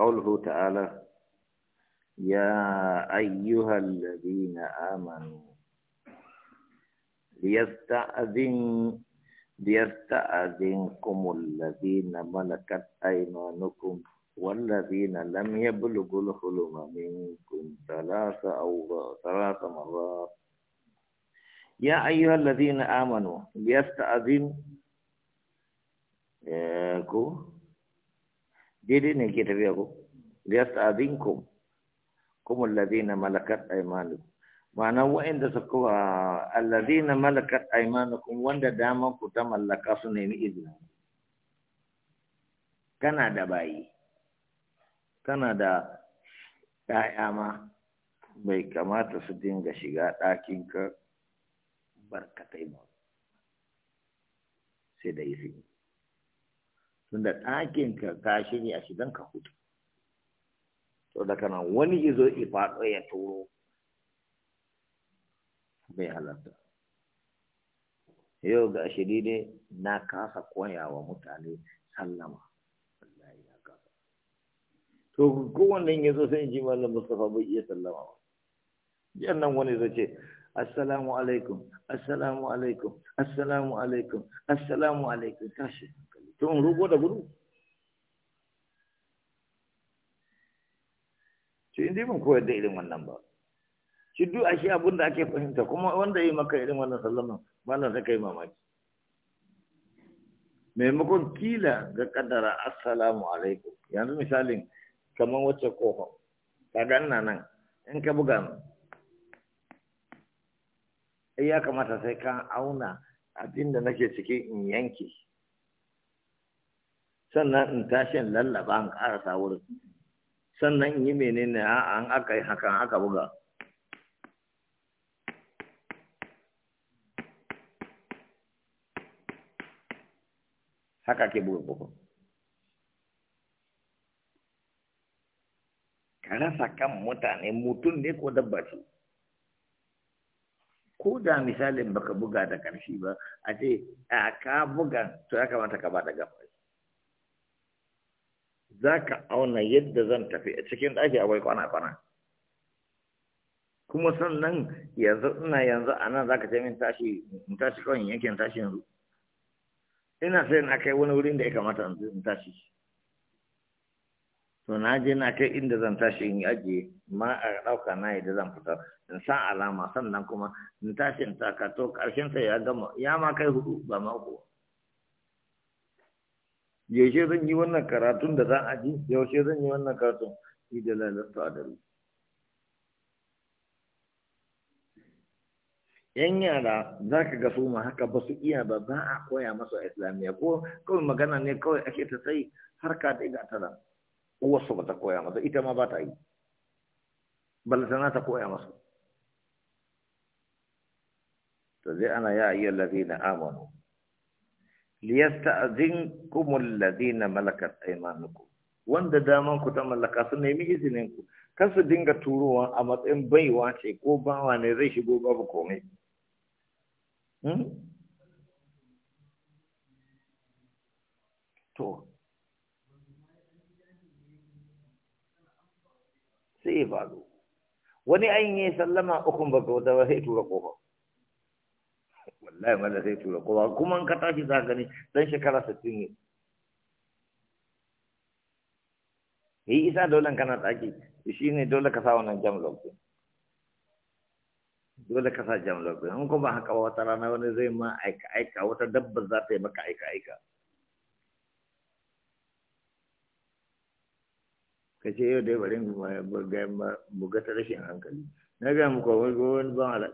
قوله تعالى يا أيها الذين آمنوا ليستأذن ليستأذنكم الذين ملكت أيمانكم والذين لم يبلغوا الحلم منكم ثلاث أو ثلاث مرات يا أيها الذين آمنوا ليستأذنكم آه، daidai ne ke tafiya ko liyasta'dinkum kuma alladhina malakat aymanukum ma'ana wa'inda su wa alladhina malakat aymanukum wanda daman ku ta mallaka su nemi izini kana da bayi kana da ɗaya ma bai kamata su dinga shiga ɗakinka barkatai ba sai da izini tunda ɗakin ka ka a shi don ka hutu to daga nan wani izo ifaɗo ya turo bai halarta yau ga shiri ne na kasa koya wa mutane sallama wallahi ya kasa to kowannen ya zo sai ji mallam Mustafa bai iya sallama ba nan wani zai ce assalamu alaikum assalamu alaikum assalamu alaikum assalamu alaikum tashi to in rugo da gudu to in dai koyar da irin wannan ba shi duk ashe abin da ake fahimta kuma wanda yi maka irin wannan sallama malam sai kai mamaki maimakon kila ga kaddara assalamu alaikum yanzu misalin kamar wacce kofa ka ganna nan in ka buga mu ya kamata sai ka auna abinda nake ciki in yanke sannan in tashi in lallaba in karasa wurin sannan in yi menene an aka yi hakan aka buga haka ke buga kofar ka rasa kan mutane mutum ne ko dabba ce ko da misalin baka buga da ƙarshe ba a ce a ka buga to ya kamata ka ba da gaba za ka auna yadda zan tafi a cikin ɗaki akwai kwana-kwana kuma sannan yanzu ina yanzu a nan za ka ce min tashi in tashi kawai in tashi yanzu ina sai na kai wani wurin da ya kamata in tashi to na je na kai inda zan tashi in ajiye ma a ɗauka na yadda zan fita in sa alama sannan kuma in tashi in taka to ƙarshen ta ya gama ya ma kai hudu ba ma uku yaushe zan yi wannan karatun da za a ji yaushe zan yi wannan karatun ni da lalata adalu yan yara za ka ga su ma haka ba su iya ba ba a koya masu a islamiyya ko kawai magana ne kawai ake ta sai harka da iga tana uwarsu ba ta koya masa ita ma ba ta yi balantana ta koya masu to zai ana ya ayyar lafi na amanu liyasta'zinkumul na malakat aymanukum wanda daman ku ta mallaka su nemi izinin ku kar su dinga turowa a matsayin baiwa ce ko bawa ne zai shigo babu komai hmm? to sai ya faru wani ayin ya sallama ukun ba ga wata ba sai tura kofa wallahi mala sai tura kowa kuma ka tashi za gani dan shekara sittin ne yi isa dole kana tsaki shi ne dole ka sa wannan jam lock dole ka sa jam lock din in kuma haka ba wata rana wani zai ma aika aika wata dabba za ta yi maka aika aika ka ce yau dai bari mu ga ta rashin hankali na ga muku wai wani ban ala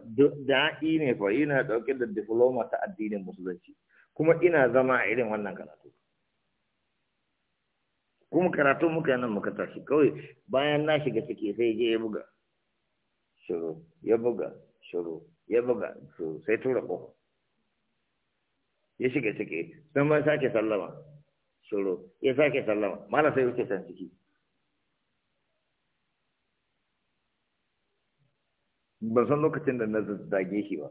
da'i ne fa na dauke da diploma ta addinin musulunci kuma ina zama a irin wannan karatu kuma karatu muka yana muka tashi kawai bayan na shiga ciki sai je ya buga shuru ya buga shuru ya buga shuru sai tura kofa ya shiga ciki sun ban sake sallama shuru ya sake sallama mala sai wuce san ciki ban san lokacin da na zage shi ba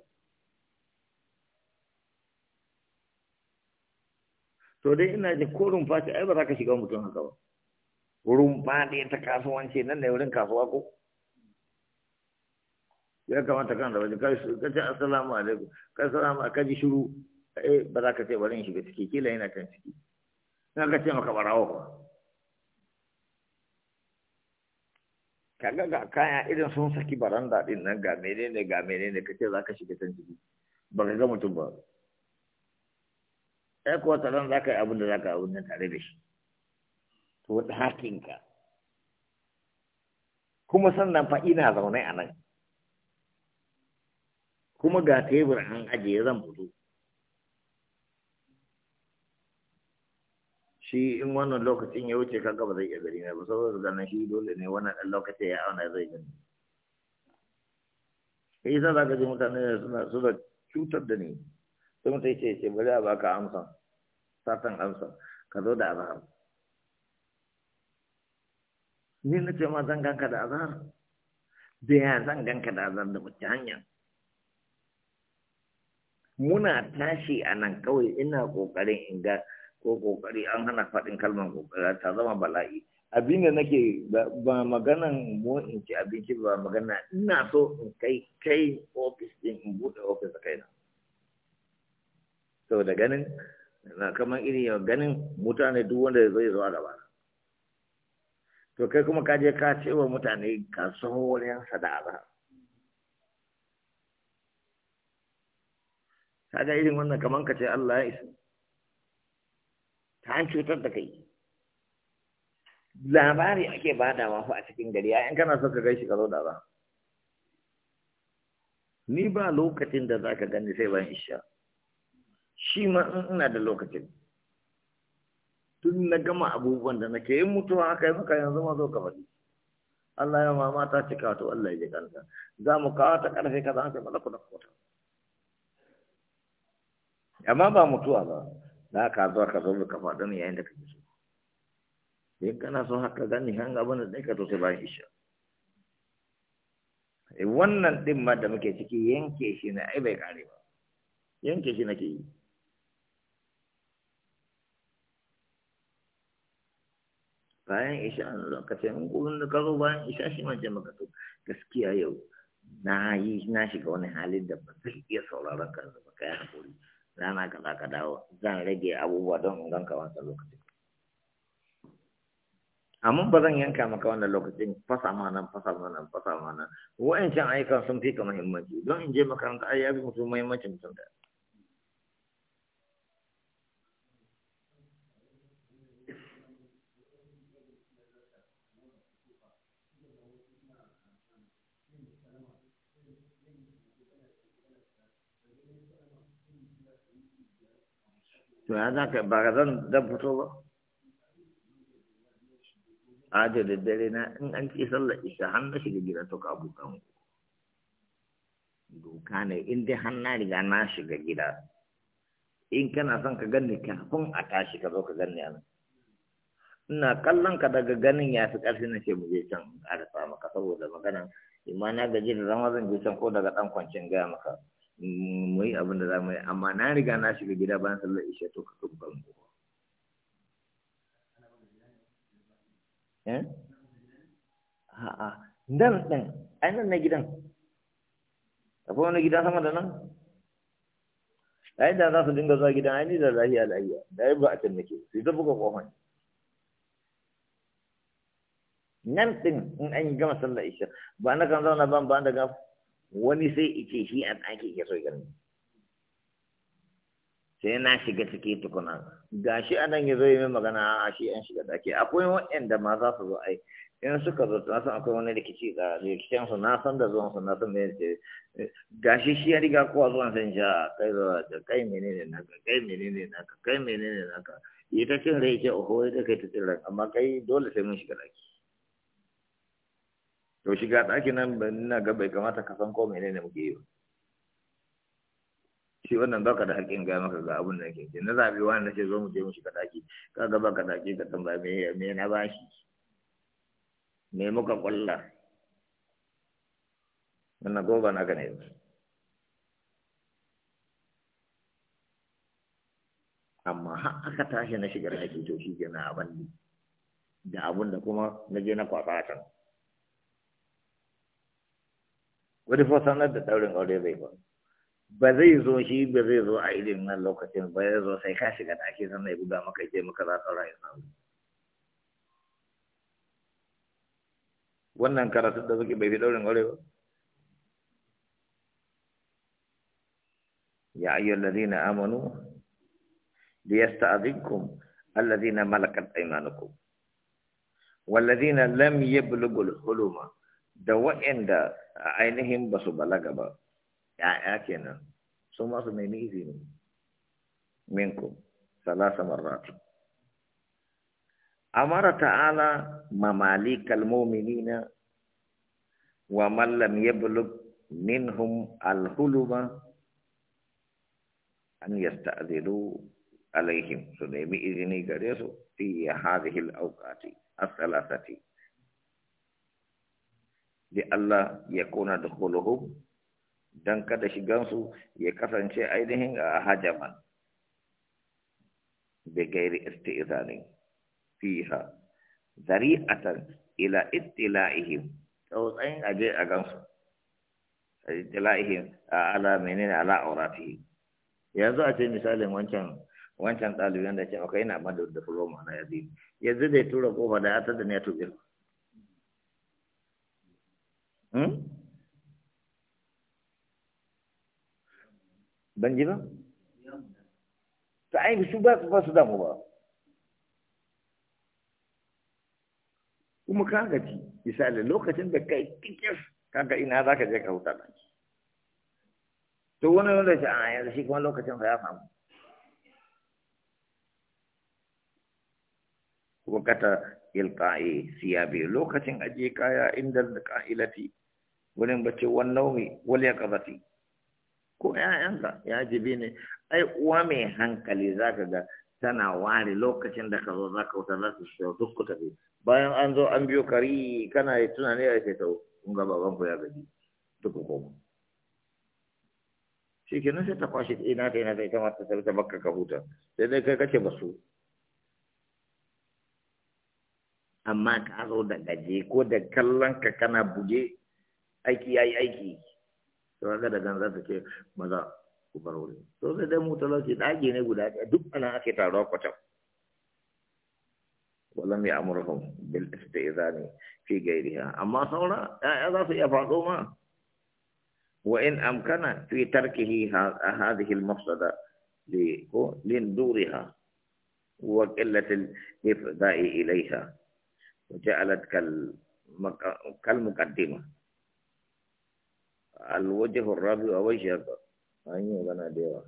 to dai ina ji ko rumfa ce ai ba za ka shiga mutum haka ba rumfa ne ta kasuwanci nan ne wurin kasuwa ko ya kamata kan da wajen kaji ce assalamu alaikum ka asalamu ka kaji shiru ai eh, ba za ka ce bari in shiga ciki kila yana kan ciki ina ka ce maka barawa ba kaga ga kaya irin sun saki baranda din nan ga menene ga menene kace zaka shiga can ciki ba ka ga mutum ba ko ta dan zaka yi abin da zaka abin nan tare da shi to wata hakinka kuma sannan fa ina zaune a nan kuma ga tebur an ajiye zan fito shi in wannan lokacin ya wuce kaga ba zai iya gari ba saboda ganin shi dole ne wannan ɗan lokacin ya auna zai gani yi sa zaka ji mutane suna suna cutar da ni sai mutum ce ce bari a baka amsa satan amsa ka zo da azhar ni na ce ma zan ganka da azhar da ya zan ganka da azhar da mutum hanya muna tashi a nan kawai ina kokarin in ga ko kokari an hana faɗin kalmar kokari ta zama bala'i abin da nake ba maganan mu in ci abinci ba magana ina so in kai kai ofis din in buɗe ofis a kaina To da ganin na kamar iri yau ganin mutane duk wanda zai zo a gaba to kai kuma kaje ka ce wa mutane ka saho wurin sada'a kaga irin wannan kaman ka ce Allah ya isa ta an cutar da kai labari ake badawa mafi a cikin gari yayin kana so ka gaishe ka zo da ba ni ba lokacin da za ka gani sai ban isha shi ma in ina da lokacin tun na gama abubuwan da nake yin mutuwa aka yi maka yanzu ma zo ka faɗi Allah ya mama ta kawo to Allah ya ji kanta za mu kawo ta karfe kaza an sai mana kuɗin kota amma ba mutuwa ba za ka zo ka zo ka faɗo ne yayin da kake so in kana son haka gani hanga abin da ka to sai bayan isha eh, wannan ɗin ma da muke ciki yanke shi na ai bai kare ba yanke shi nake yi bayan isha a lokacin gurin da ka zo bayan isha shi mace maka to gaskiya yau na yi na shiga wani halin da ba zai iya sauraron kan da ba ka yi haƙuri rana kaza ka dawo zan rage abubuwa don in ganka wannan lokacin amma ba zan yanka maka wannan lokacin fasa ma nan fasa ma nan fasa ma nan wa'ancan ayyukan sun fi ka muhimmanci don in je makaranta ai ya fi mutum muhimmancin mutum da to ya za ka ba zan fito ba a da daddare na in an ce sallar isa har na shiga gida to ka ku doka ne in dai har na riga na shiga gida in kana son ka ganni kafin a tashi ka zo ka ganni a ina kallon ka daga ganin ya fi ƙarfi na ce mu je can a maka saboda magana imma na gaji da zama zan je can ko daga ɗan kwancin gaya maka mu yi abin da za mu yi amma na riga na shiga gida bayan sallar isha to ka kubban mu eh a'a dan dan ai nan na gidan akwai wani gidan sama da nan ai da za su dinga zuwa gidan ai ni da lahiya lahiya da ai ba a can nake sai ta buga kofan nan din in an gama sallar isha ba na kan zauna ban ba da wani sai ice shi a ɗaki ke so gani sai na shiga ciki tukuna ga shi anan ya zo yi magana a shi an shiga ɗaki akwai waɗanda ma za su zo ai in suka zo na san akwai wani rikici da rikicin su na san da zuwan su na san da yace ga shi ya riga kowa zuwan san ja kai zo da kai menene naka kai menene naka kai menene naka ita cin rai ce ohoi da kai ta rai amma kai dole sai mun shiga daki to shiga ɗakin nan ina ga bai kamata ka san ko menene muke yi shi wannan baka da haƙƙin ga maka ga abin da ke na zabi wani nace zo mu je mu shiga ɗaki ka ga baka ɗaki ka tambaya me me na bashi me muka kulla wannan ko ba naka ne amma har aka tashi na shiga ɗaki to shi ke na abin da abin da kuma na je na kwasa a can wani fa sanar da daurin aure zai ba ba zai zo shi ba zai zo a irin nan lokacin ba يا أيها الذين آمنوا ليستأذنكم الذين ملكت أيمانكم والذين لم يبلغوا الحلم da a ainihin ba su balaga ba ya'ya kenan su masu nemi izini minkum salasa marratu amara ta'ala mamali mu'minina wa mallam ya yablugh minhum al-huluma an yasta'dhilu alaihim su nemi izini gare su fi hadhihi al-awqati Allah ya kuna da kuluhu don kada shigansu ya kasance ainihin a hajaman bigairi isti'izani fiha zari'atan ila ittila'ihim tsautsayin aje a gansu ittila'ihim a ala menene ala auratihi yanzu a ce misalin wancan wancan ɗalibin da ce maka yana ba da diploma na yazi yanzu dai tura kofa da ya da ne ya tuɓe ban ji ba ta ai su ba ba kuma ka gaji misali lokacin da kai tikis kaga ina za ka je ka huta ɗan to wani wanda shi a yanzu shi kuma lokacin sa ya samu wakata ilka'i siyabi lokacin aje kaya inda ka'ilati wurin bacci wan ya wal yaqazati ko yayanka ya jibi ne ai uwa mai hankali za zaka ga tana ware lokacin da ka zo za ka wuta za su shiga duk ku tafi bayan an zo an biyo kari kana yi tunani ya kai tau kun ga baban ku ya gaji duk koma shi nan sai ta kwashe ina ta ina ta ita ma ta tafi ta baka ka huta sai dai kai kace basu amma ka zo da gaje ko da kallon ka kana buge aiki ya yi aiki to ga da gan za ta ce maza ku bar wuri to sai dai mu talauci ɗaki ne guda ɗaya duk ana ake taruwa kwatam ولم يأمرهم بالاستئذان في غيرها أما ثورة هذا في فاطمة وإن أمكن في تركه هذه المفسدة لندورها وقلة الإفضاء إليها وجعلت كالمقدمة alwajihun rabi wa bai shiyar ba an magana da yawa